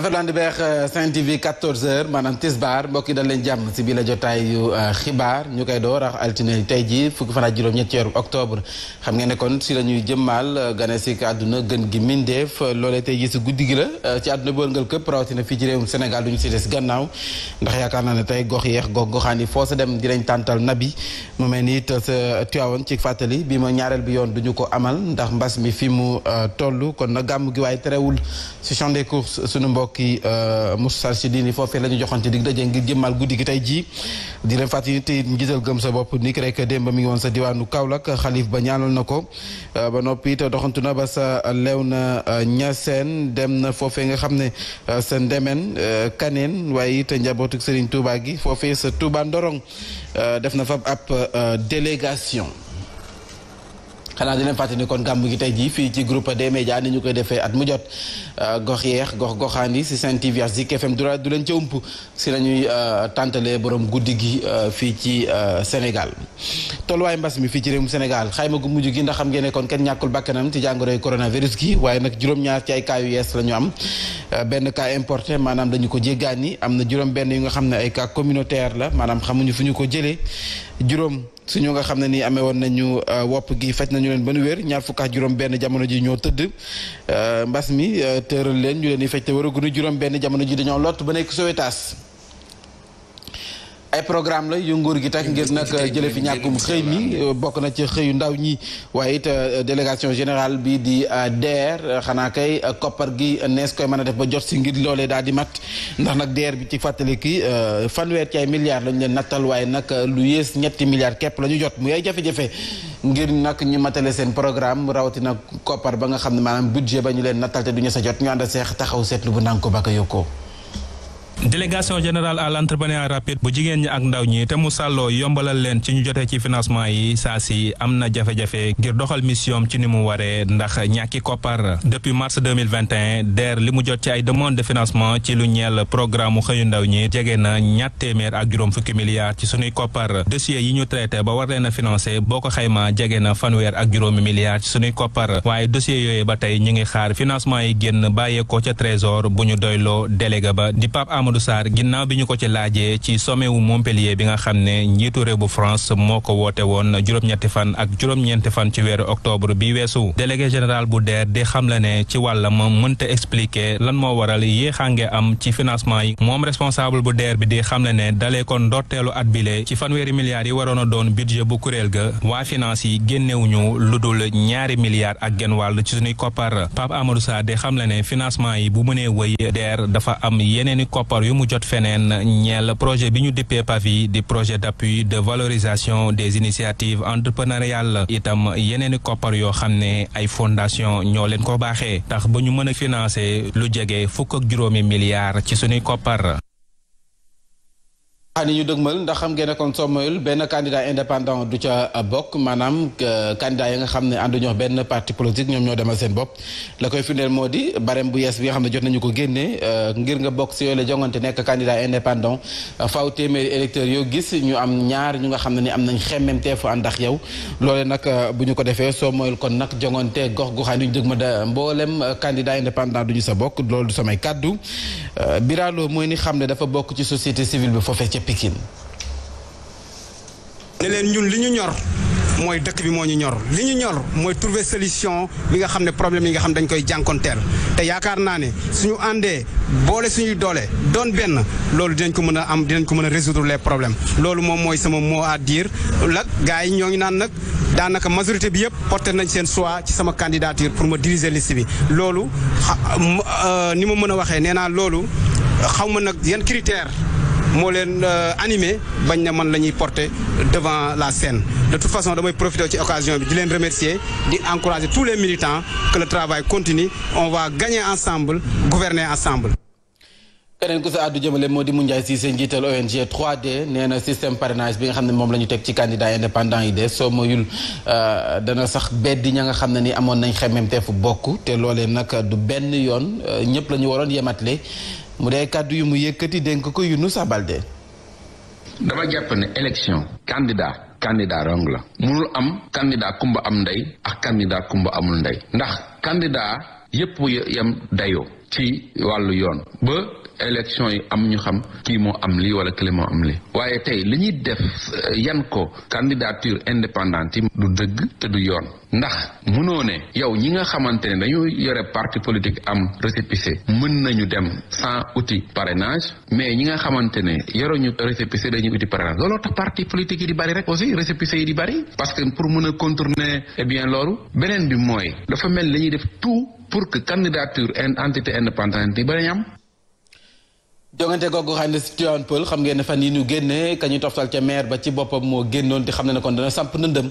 Ferland beex euh, Sen TV 14h maanaam Tisbar mbokk yi dañ leen jàmm si bi la jotaayu euh, xibaar ñu koy door ak altine tey jii fukki fan ak juróom ñetti weeru octobre xam ngeen ne kon si la ñuy jëmmaal euh, gane si àdduna gën gi mindeef loolee tey jii si guddi gi la ci àdduna bi wërngal këpp rawatina fii ci réewum Sénégal du ñu si des gannaaw ndax yaakaar naa ne tey gox yeex gox goxaan yi foo sa dem dinañ tàntal nabi mu mel ni it sa Tiwaawan ci fàttali bi ma ñaareel bi yoon du ko amal ndax mbas mi fi mu toll kon na gàmm gi waaye terewul mbokki euh, Moustarchidine yi foofee la ñu joxante dig daje ngir jëmmal guddi gi tey jii di leen fàttali te njiital gëm sa bopp ni ki rek mi ngi woon sa diwaanu Kaolack xalif ba ñaanal na ko euh, ba noppi it doxantu na ba sa lew na ñaseen dem na foofee nga xam ne euh, sa ndemeen kaneen waaye it njabootu Serigne Touba gi foofee sa tuubaa Ndorong def na fa ab délégation xanaa di leen fàttali kon gàmmu gi tey jii fii ci groupe des médias ni ñu koy defee at mu jot euh, gox yeex gox goxaan yi si Sen TV ak Zik FM dura du leen ca ump si lañuy euh, tàntalee boroom guddi gi euh, fii ci Sénégal tolluwaay mbas mi fii ci réewum Sénégal xayma gu mujj gi ndax xam ngeen ne kon kenn ñàkkul bakkanam ci jàngoroy coronavirus gi waaye nag juróom-ñaar ci ay cas yees la ñu am benn kaa importé maanaam dañu ko jéggaan ni am na juróom benn yu nga xam ne ay cas communautaire la maanaam xamuñu fu ñu ko jëlee juróom su suñu nga xam ne nii amee woon nañu euh, wopp gi faj nañu leen ba nu wér ñaar fukk juróom-benn jamono ji ñoo tëdd euh, mbas mi euh, tëral leen ñu leen di faj te waraguñu juróom-benn jamono ji dañoo lot ba nekk Sowetaas. ay programme la yu nguur gi teg ngir nag jële fi ñàkkum xëy mi bokk na ci xëyu ndaw ñi waaye it euh, délégation général bi di euh, DER euh, xanaa kay koppar gi nees koy mën a def ba jot si ngir loole daal di mat ndax nag DER bi ci fàttali ki fanweer ci ay milliards lañ leen nattal waaye nag lu yées ñetti milliards képp la ñu jot mu yay jafe-jafe ngir nag ñu matale seen programme rawatina koppar ba nga xam ne maanaam budget ba ñu leen nattal te du ñu sa jot ñu ànd taxaw seetlu bu ndànk ko ba délégation générale à l'entrepreneuriat rapide bu jigéen ñi ak ndaw ñi te mu sàlloo yombalal leen ci ñu jotee ci financement yi saa si am na jafe-jafe ngir doxal mission ci ni mu waree ndax ñàkki koppar depuis mars 2021 DER li mu jot ci ay demande de financement ci lu ñeel programme mu xëyu ndaw ñi jege na ñaat téeméer ak juróom fukki milliards ci sunuy koppar dossier yi ñu traité ba war leen a boo ko xaymaa jege na fanweer ak juróomi milliards ci sunuy koppar waaye dossier yooyu ba tey ñu ngi xaar financement yi génn bàyyeekoo ca trésor bu ñu doyloo délégué ba Amadou Sarr ginnaaw bi ñu ko ci laajee ci sommet wu Montpellier bi nga xam ne njiitu réew bu France moo ko woote woon juróom-ñetti fan ak juróom-ñeenti fan ci weeru octobre bi weesu délégué général bu DER di xam la ne ci wàllam mënta expliquer lan moo waral yéexaange am ci financement yi moom responsable bu DER bi di xam la ne dalee kon ndorteelu at bile ci fanweeri milliards yi waroon a doon budget bu kuréel ga waa finance yi génnewuñu lu dul ñaari milliards ak genn wàll ci suñuy koppar accord yu mu jot feneen ñeel projet bi ñu dippee PAVIE di projet d'appui de valorisation des initiatives entrepreneuriales itam yeneeni koppar yoo xam ne ay fondation ñoo leen ko baaxee tax ba ñu mën a financer lu jege fukk ak juróomi milliards ci suñuy koppar ani ñu dëgmal ndax xam ngeen ne kon soo moyul benn candidat indépendant du ca bokk maanaam euh, candidat yi nga xam ne ànduñoo benn parti politique ñoom ñoo demal seen bopp la koy firndeel moo di barème bu yees bi nga xam ne jot nañu ko génnee euh, ngir nga bokk si yooyu la jongante nekk candidat indépendant yoo gis ñu am ñaar ñu nga xam ne ni am nañ xemmemteefu ànd ak yow loole nag euh, bu ñu ko defee soo moyul kon nag jongante gox goxaan yi ñu dëgmal da mboolem candidat indépendant du ñu sa bokk loolu du samay kàddu biraaloo mooy ni xam ne dafa bokk ci société civile bi foofee Pikine. leen ñun li ñu ñor mooy dëkk bi moo ñu ñor li ñu ñor mooy trouver solution bi nga xam ne problème yi nga xam dañ koy jànkonteel te yaakaar naa ne suñu àndee boole suñuy doole doon benn loolu dinañ ko mën a am dinañ ko mën a résoudre les problèmes loolu moom mooy sama mot à dire la gars yi ñoo ngi naan nag. daanaka majorité bi yëpp porte nañ seen choix ci sama candidature pour ma diriger liste bi loolu euh, ni ma mën a waxee nee naa loolu xaw ma nag yan critère moo leen euh, animé bañ na man la ñuy porter devant la scène de toute façon damay profiter ci occasion bi di leen remercier di encourager tous les militants que le travail continue on va gagner ensemble gouverner ensemble keneen ku sa àddu jëmale moo di Moundiaye Cissé njiital ONG 3D nee na système nga xam ne moom la ñu teg ci candidat indépendant yi de soo mayul euh, dana sax beddi ña nga xam ne ni amoon nañ xemmemteefu bokk te loolee nag du benn yoon euh, ñëpp la ñu waroon yematle mu dee kàddu yu mu yëkkati dénk ko Younouss Balde dama jàpp ne élection candidat candidat rong la munul am candidat kumba am ndey a candidat kumba amul ndey ndax candidat yépp yam dayoo ci wàllu yoon ba élection yi am ñu xam kii moo am lii wala kële am lii waaye tey li ñuy def euh, yan ko candidature indépendante yi du dëgg te du yoon ndax mënoo ne yow ñi nga xamante ne dañu yore parti politique am récépissé mën nañu dem sans outil parrainage mais ñi nga xamante ne yoruñu récépissé dañuy outil parrainage looloo tax parti politique yi di bari rek aussi récépissé yi di bari parce que pour mën a contourner eh bien loolu beneen bi mooy dafa mel indépendance ba ñu am. jongante googu xam ne si Tivaouane Peulh xam ngeen ne fan yi ñu génne ka ñu toftal ca maire ba ci boppam moo génnoon te xam ne ne kon dana samp nëndëm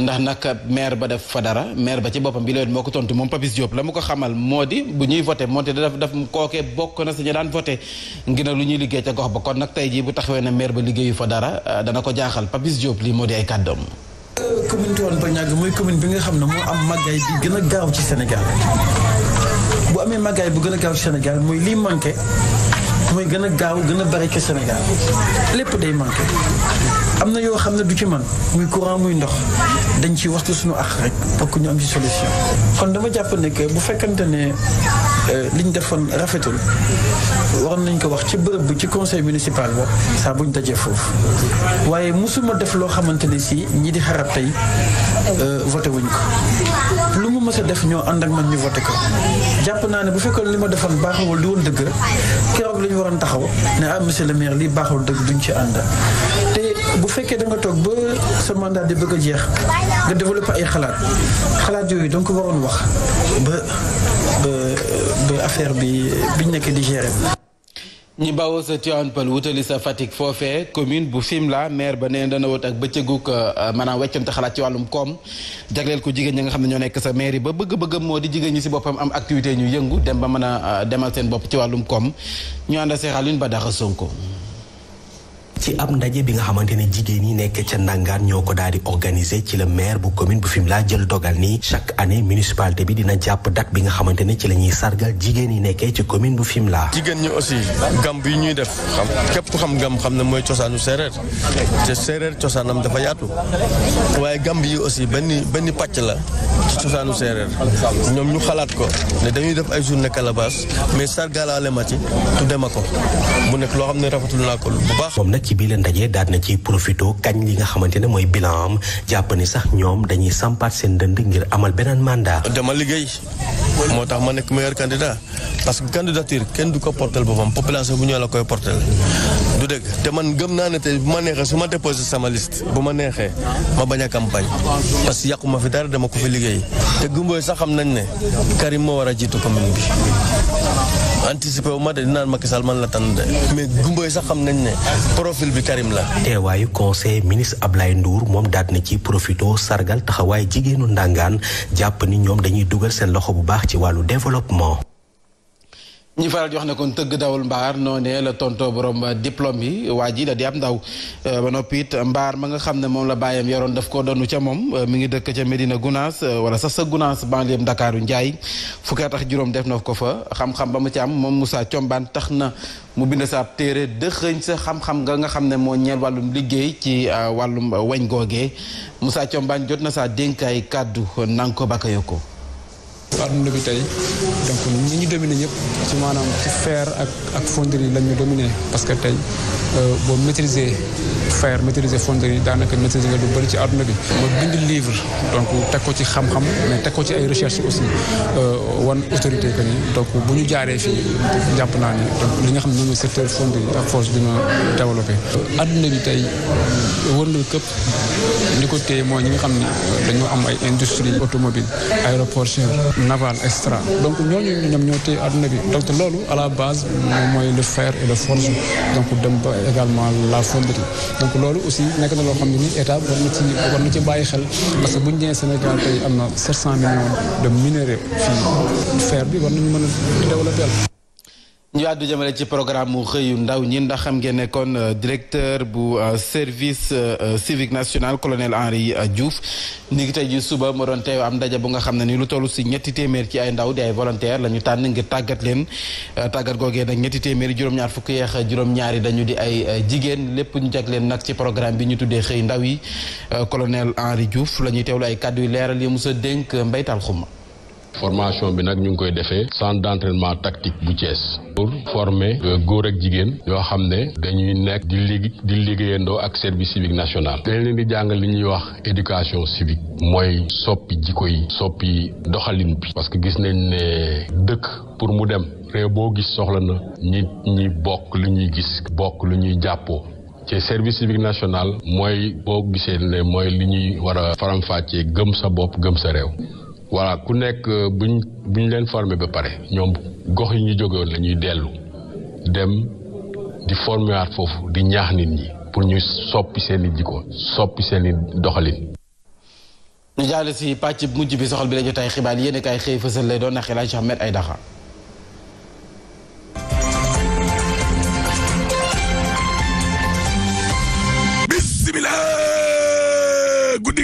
ndax nag maire ba def fa dara maire ba ci boppam bi la moo ko tontu moom Papis Diop la mu ko xamal moo di bu ñuy voté moonte daf daf kookee bokk na si ñu daan voté ngir na lu ñuy liggéey ca gox ba kon nag tey jii bu taxawee na maire ba liggéeyu fa dara dana ko jaaxal Papis Diop lii moo di ay kàddoom commune Tivaouane Peulh Niaga mooy commune bi nga xam ne moo am màggaay bi gën a gaaw ci Sénégal amee màggaay bu gën a gaaw Sénégal mooy lii manqué mooy gën a gaaw gën a bari ci Sénégal lépp day manqué am na yoo xam ne du ci man muy courant muy ndox dañ ci waxtu suñu ax rek pour ñu am ci solution kon dama jàpp ne que bu fekkante ne euh, liñ defoon rafetul waroon nañ ko wax ci bërëb bi ci conseil municipal ba saa buñ dajee foofu waaye mosuma def loo xamante ne si ñii di xarab tey Euh, voté wuñ ko lu mu mës def ñoo ànd ak man ñu vote ko jàpp naa ne bu fekkoon li ma defoon baaxawul di woon dëgg keroog la ñu waroon taxaw ne ah monsieur le maire lii baaxul dëgg duñ ci ànd te bu fekkee da toog ba sa mandat di bëgg a jeex nga développé ay xalaat xalaat yooyu donc waroon wax ba ba ba affaire bi biñ nekk di gérer. ñi bawoo sa Tivaouane Peulh wutali sa Fatick foofee commune bu Fimela maire ba nee dana wut ak bëccëgug euh, maanaam weccante xalaat ci wàllum koom jagleel ko jigéen ñi nga xam ne ñoo nekk sa maire ba bëgg-bëggam moo di jigéen ñi si boppam am activité ñu yëngu dem ba mën a euh, demal seen bopp ci wàllum koom ñu ànd a seexal ba daxa Sonko ci ab ndaje bi nga xamante ne jigéen yi nekk ca Ndangaan ñoo ko daal di organiser ci la maire bu commune bu fim laa jël dogal nii chaque année municipalité bi dina jàpp date bi nga xamante ne ci la ñuy sargal jigéen yi nekkee ci commune bu Fimela. jigéen ñi aussi gam yi ñuy def xam képp ku xam gam xam ne mooy cosaanu séeréer te séeréer cosaanam dafa yaatu waaye gam yi aussi benn benn pàcc la ci cosaanu séeréer ñoom ñu xalaat ko ne dañuy def ay journée calebasse mais sargalaale ma ci tuddee ko mu nekk loo xam ne rafetlu naa ko ci biir la ndaje daal na ci profito kañ li nga xamante ne mooy bilan am jàpp sax ñoom dañuy sampaat seen dënd ngir amal beneen mandat. dama liggéey moo tax ma nekk meilleur candidat parce que candidature kenn du ko portel boppam population bu ñoo la koy portel du dëgg te man gëm naa ne tey ma neexee su ma déposé sama liste bu ma neexee ma bañ a campagne parce que yàqu ma fi dara dama ko fi liggéey te gumbooy sax xam nañ ne Karim moo war a jiitu commune bi. anticipé ma de dinaan Macky Sall man la tan de mais gumboy sax xam nañ ne profil bi Karim la. teewaayu conseil ministre Ablaye nduur moom daat na ci profito sargal taxawaay jigéenu ndàngaan jàpp ni ñoom dañuy dugal seen loxo bu baax ci wàllu développement. ñu faral di wax ne kon tëgg dawul mbaar noo la tontoo borom diplôme yi waa ji da di ab ndaw euh, ba noppi it mbaar ma nga xam ne moom la bàyyam yoroon daf koo donu ca moom euh, mi ngi dëkk ca Médina Gounass euh, wala sax sa Gounass banlieue Dakar Ndiaye fukki at ak juróom def na ko fa xam-xam ba mu ci am moom Moussa Thiombane tax na mu bind sa ab téere dëxëñ sa xam-xam nga nga xam ne moo ñeel wàllum liggéey ci wàllum weñ googee musaa Thiombane jot na saa dénkaay kàddu nan ko bakayoko àdduna bi tey donc ñi ñu dominé ñëpp ci maanaam ci fer ak ak fonderie la ñu dominé parce que tey Euh, boo maîtriser fer maîtriser fonderie daanaka maîtriser nga du bëri ci àdduna bi. ba bind livre donc teg ko ci xam-xam mais teg ko ci ay recherche aussi euh, wan autorité que ni donc bu ñu jaaree fii jàpp naa ni donc li nga xam ne moom secteur fonderie ak force dina développé. àdduna bi tey wërndal këpp li ko téye mooy ñi nga xam ne dañoo am ay industrie automobile aéroportuaire naval extra donc ñooñu ñoom ñoo téye àdduna bi donc loolu à la base moom mooy le fer et le donc dem ba Euh, également la fonderie donc loolu aussi nekk na loo xam ne ni état war na ci war na ci bàyyi xel parce que bu ñu nee Sénégal tey am na 700 millions de minéraux fii fer bi war nañu mën a développer ñu àddu jëmale ci programme mu yu ndaw ñi ndax xam ngeen ne kon euh, directeur bu euh, service euh, civique national colonel Henri Diouf ni ngi tey ji suba moo doon teew am ndaje bu nga xam ne ni lu toll si ñetti téeméer ci ay ndaw di ay volontaire la ñu tànn ngir tàggat leen tàggat googee nag ñetti téeméeri juróom-ñaar fukki yeex juróom-ñaari dañu di ay jigéen lépp ñu jag leen nag ci programme bi ñu tuddee xëy ndaw yi colonel Henri Diouf la ñuy teewlu ay kàddu yu leeral yi mos dénk mbaytal xuma formation bi nag ñu ngi koy defee centre d'entraînement tactique bu Thiès pour former euh, góor ak jigéen yoo xam ne dañuy nekk di liggéey di liggéeyandoo ak service civique national dañ leen di jàngal li ñuy wax éducation civique mooy soppi jikko yi soppi doxalin bi parce que gis nañ ne dëkk pour mu dem réew boo gis soxla na ñi ñi bokk li ñuy gis bokk lu ñuy jàppoo ci service civique national mooy boo gisee ne mooy li ñuy war a faram-fàccee gëm sa bopp gëm sa réew voilà ku nekk euh, buñ buñ leen formé ba pare ñoom gox yi ñu jógewoon la ñuy dellu dem di formé foofu di ñaax nit ñi pour ñu soppi seen i jikko soppi seen i doxalin. ñu si pàcc bu mujj bi soxal bi la jotaay xibaar yéen kay xëy fësal lay doon na xelal Ahmed Aïdara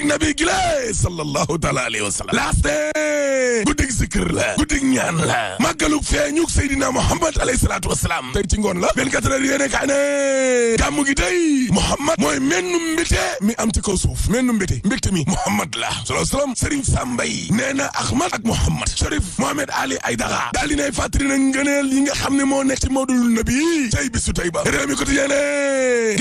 nabi gi la sallallahu taala alayhi wa sallam laaste guddig zikr la guddig ñaan la màggalug feeñug Seydina Muhammad alayhi salaatu wasalaam tey ci ngoon la 24 heures yéene kaa ne gàmmu gi day Muhammad mooy mennu mbéte mi am ci kaw suuf mennu mbéte mbégte mi Muhammad la sallallahu alayhi wa sallam Serigne Sambay nee na Ahmad ak Muhammad Sharif Mohamed Ali Aydara daal dinay fàttali na ngëneel yi nga xam ne moo nekk ci mawdul nabi tey bisu tey ba réew mi quotidien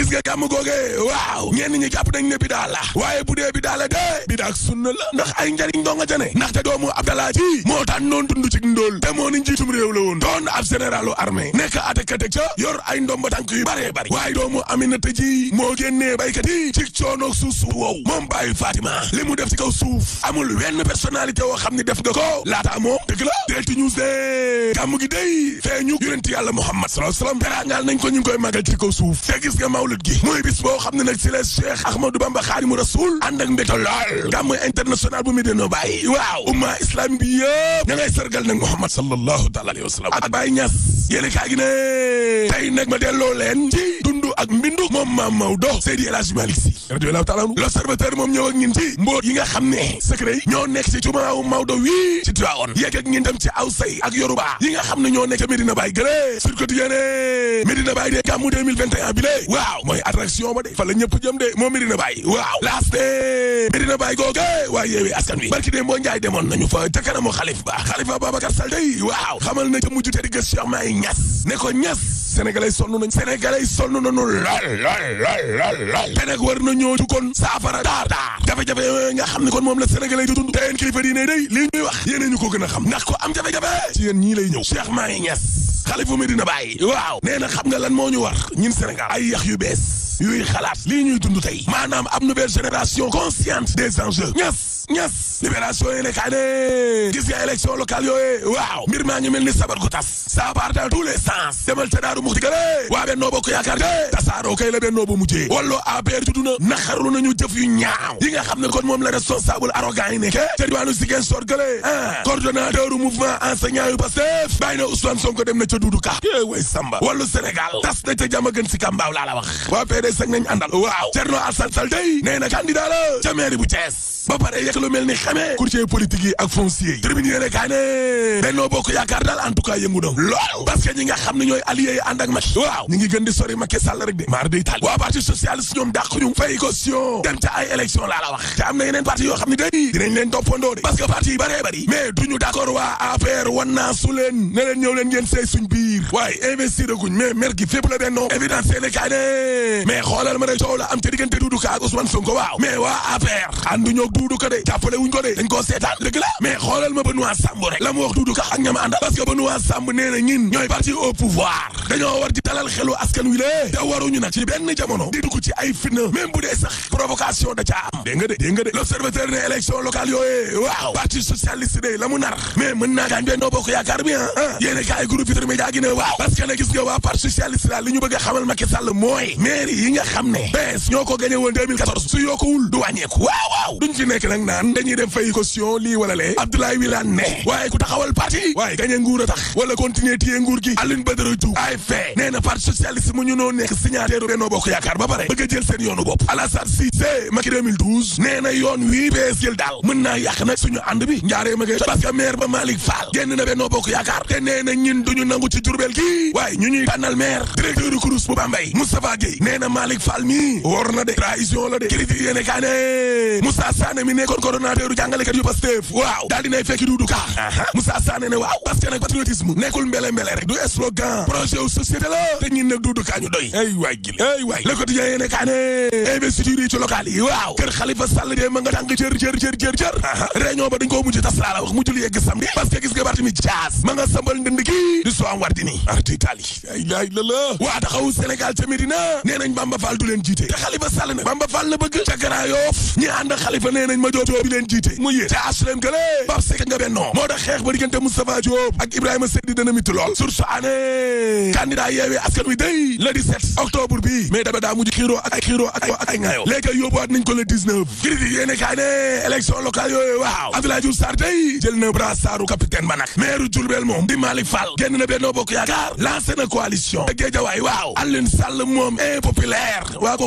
gis nga gàmm googe waaw ñenn ñi jàpp nañ yàlla de bi daak sunna la ndax ay njariñ doo a jane ndaxte doomu Abdallah ji moo tànn noon dund ci ndóol te moo ni njiitum réew la woon doon ab généralu armée nekk atekate ca yor ay ndomba tànk yu baree bari waaye doomu Aminata ji moo génnee baykat yi ci coonoog suuf wow moom bàyyi Fatima li mu def ci kaw suuf amul wenn personnalité woo xam ni def nga ko laata moom dëgg la Direct News de gàmm gi day feeñu yonent yàlla Muhammad sallallahu alayhi wasallam teraangal nañ ko ñu ngi koy màggal ci kaw suuf te gis nga mawlud gi mooy bis boo xam ne nag si la Cheikh Ahmadou Bamba Xaadimu Rasul ànd métti lool gàmm international bu Medina Baye waaw umma islam bi yëpp ña ngay sargal nag Muhammad sallallahu taala alayhi wa sallam ak Baye Niass yéen kaa gi ne tey nag ma delloo leen ci dundu ak mbindu moom maam Maodo Seydi El Hadji Malick Sy radiyallahu ta'ala anhu l'observateur moom ñëw ak ñin ci mbóot yi nga xam ne secret yi ñoo nekk ci jumaawu Maodo wii ci Tivaouane yeeg ak ñin tam ci aw say ak yoruba yi nga xam ne ñoo nekk ca Medina Baye gëlé sur quotidien Medina Baye de gàmmu 2021 bi lé waaw mooy attraction ba de fa la ñëpp jëm de moo Medina Baye waaw laas de Medina Baye googe waaye yeewee askan wi na ca mujj ñas ne ko ñas sénégalais sonn nañu sénégalais sonn nañu lool lool lool lool te nag war na ñoo jukkoon saafara daar daar jafe-jafe nga xam ne kon moom la sénégalais di dund te yéen kilifa diine day lii ñuy wax yéen ñu ko gën a xam ndax ko am jafe-jafe ci yéen ñii lay ñëw Cheikh Mahi Niass xalifu Medina Baye waaw nee na xam nga lan moo ñu war ñun Sénégal ay yax yu bees yuy xalaat lii ñuy dund tey maanaam am nouvelle génération consciente des enjeux Niass ñes libération yéene kaay ne gis nga élection locale yooyee waaw mbir maa ngi mel ni sabar gu tas ça part dans tous les sens demal ca daaru muxti gële waa bennoo bokk yaakaar de tasaaroo na naxaru jëf yu ñaaw yi nga xam ne kon moom la responsable arrogant yi nekke ca diwaanu Ziguinchor gële ah coordonnateur u mouvement enseignant yu Pastef bàyyi na Ousmane Sonko dem na ca Doudou Ka é eh way Samba wallu Sénégal tas na ca jàmm gën si kàmbaaw laa la wax waa PDS ak nañ waaw te lu mel ni xamee courtier politique yi ak foncier yi tribune yéene kaa ne bokk yaakaar daal en tout cas yëngu na lool ñi nga xam ne ñooy alliés yi ànd ak waaw ñi ngi gën di sori Macky Sall rek de maar day taal waa parti socialiste ñoom dàq ñu fay caution dem ca ay laa la wax te am na parti yoo xam ne day dinañ leen toppandoo de parce parti yi bëree bëri mais duñu d'accord waa APR wan leen ne leen ñëw leen ngeen sey suñ biir jàppale wuñ ko de dañ koo seetaan dëgg la xoolal ma Benoît Samb rek la mu wax Doudou Ka ak ñama àndal parce que Benoît Samb nee ñin ñooy parti au pouvoir dañoo war di dalal xelu askan wi lée te waruñu nag ci benn jamono di dugg ci ay fitna même bu dee sax provocation da ca am dégg nga de dégg nga ne élection locale yooyee waaw parti socialiste de la mu nar mais mën naa gaañ Benno Bokk Yaakaar bi ah, ah. yéene ka ay groupe Futurs Médias gi ne waaw ne a waaw waaw naan dañuy def fay caution lii wala lee Abdoulaye Wilane ne waaye ku taxawal parti waaye gañe nguur a tax wala continuer téye nguur gi Alioune Badara Diouf ay fee nee parti socialiste mu ñu noo nekk signataire Benno Bokk Yaakaar ba pare bëgg a jël seen yoonu bopp Alassane Cissé Macky 2012 nee na yoon wii PS jël daal mën naa yàq nag suñu ànd bi njaaree ma koy parce ba Malick Fall génn na Benno Bokk Yaakaar te nee na ñun duñu nangu ci Jurbel gi waaye ñu ñuy tànnal maire directeur du CROUS bu Bambey Moustapha Gueye nee mi war na coordonnateur jàngalekat yu Pastef waaw daal dinay fekki Doudou Ka Moussa Sané ne waaw parce que nag patriotisme nekkul mbele mbele rek du slogan projet wu société la te ñun nag Doudou Ka ñu doy ay waay gil ay waay le a kaane investiture ci local yi waaw kër Khalifa Sall de ma nga tàng jër jër jër jër jër réunion ba dañ mujj tas la wax mujjul yegg samedi parce gis nga Barthélémy Dias ma nga ndënd gi di soo war ah, di nii arti tali ay laaj la waa taxaw mbooloo bi leen jiite mu yéen te aslem gële bab sek nga bennoo moo tax xeex ba diggante Moustapha Diop ak Ibrahima Seydi dana mitti lool source ané candidat yeewee askan wi day le 17 octobre bi mais daba daa mujj xiiroo ak ay ak ay ŋaayoo léegi yóbbuwaat nañ ko le 19 critique yéene kaa ne élection locale yooyu waaw Abdoulaye Diouf Sarr day jël na brassaaru capitaine ba nag maire Diourbel moom di Malick Fall génn na Benno na coalition te Guédiawaye waaw Alioune Sall moom impopulaire waa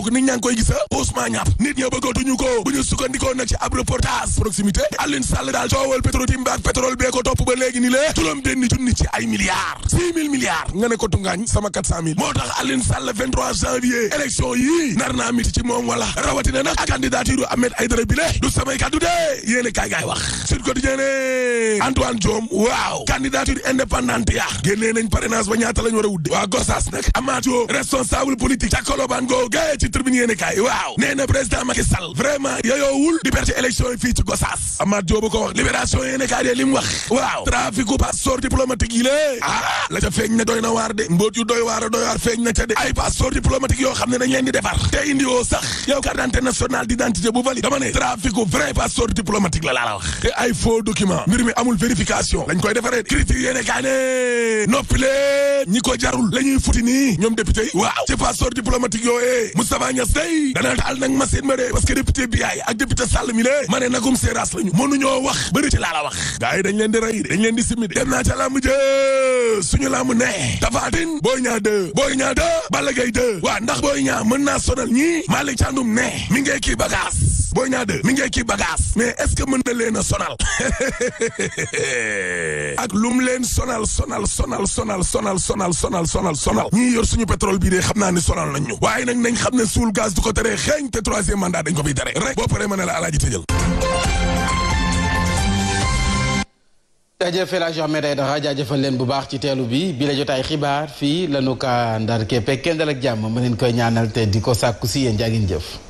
reportage proximité Alioune Sall daal coowal Petrotim baak pétrole bee ko topp ba léegi ni lée juróom benn junni ci ay milliards six mille milliards nga ne sama quatre cent mille moo tax Alioune Sall 23 janvier élection yii nar miti ci moom wala rawatina nag candidature Ahmed Aïdara bi le du samay kàddu de yéen a kaay wax Sud Quotidien ne Antoine Diome waaw candidature indépendante ya génnee nañ parrainage ba ñaata lañ wudde waa Gossas nag Amathio responsable politique élection yi fii ci Gossas Amath Diop ko wax libération waaw traficu passeport diplomatique yi lée ah la ca feeñ ne doy na waar de mbóot doy waar doy waar feeñ na ca de ay passeport diplomatique yoo xam ne dañ leen di defar te indi woo sax yow carte d'identité nationale d'identité bu valide dama ne traficu vrai passeport diplomatique la laa la wax te ay faux document mbir mi amul vérification koy defaree critique yéene kaay ne noppi lee ñi ko jarul la ñuy futi nii ñoom député yi waaw ci passeport diplomatique yooyee Moustapha ma de ma ne nagum séeraas lañu mënuñoo wax bëri ci laa wax gars yi dañ leen di rey dañ leen di simmi dem naa ca làmb jë suñu làmb ne tafaatin booy ñaa deux booy ñaa deux bala Gaye deux waa ndax booy ñaa mën naa sonal ñii Malick Thiandoum ne mi ngee kii bagaas booy ñaa deux mi ngee kii bagaas mais est-ce que mën na leen a sonal ak lum leen sonal sonal sonal sonal sonal sonal sonal sonal sonal ñii yor suñu pétrole bii de xam naa ni sonal nañ waaye nañ xam ne jaajëfal ak Ahmed Aidara jaajëfal leen bu baax ci teelu bi bi la jotaay xibaar fii lanu ka ndar képpe kenn dal jàmm ma leen koy ñaanal te di ko sàkku si yéen jaa jëf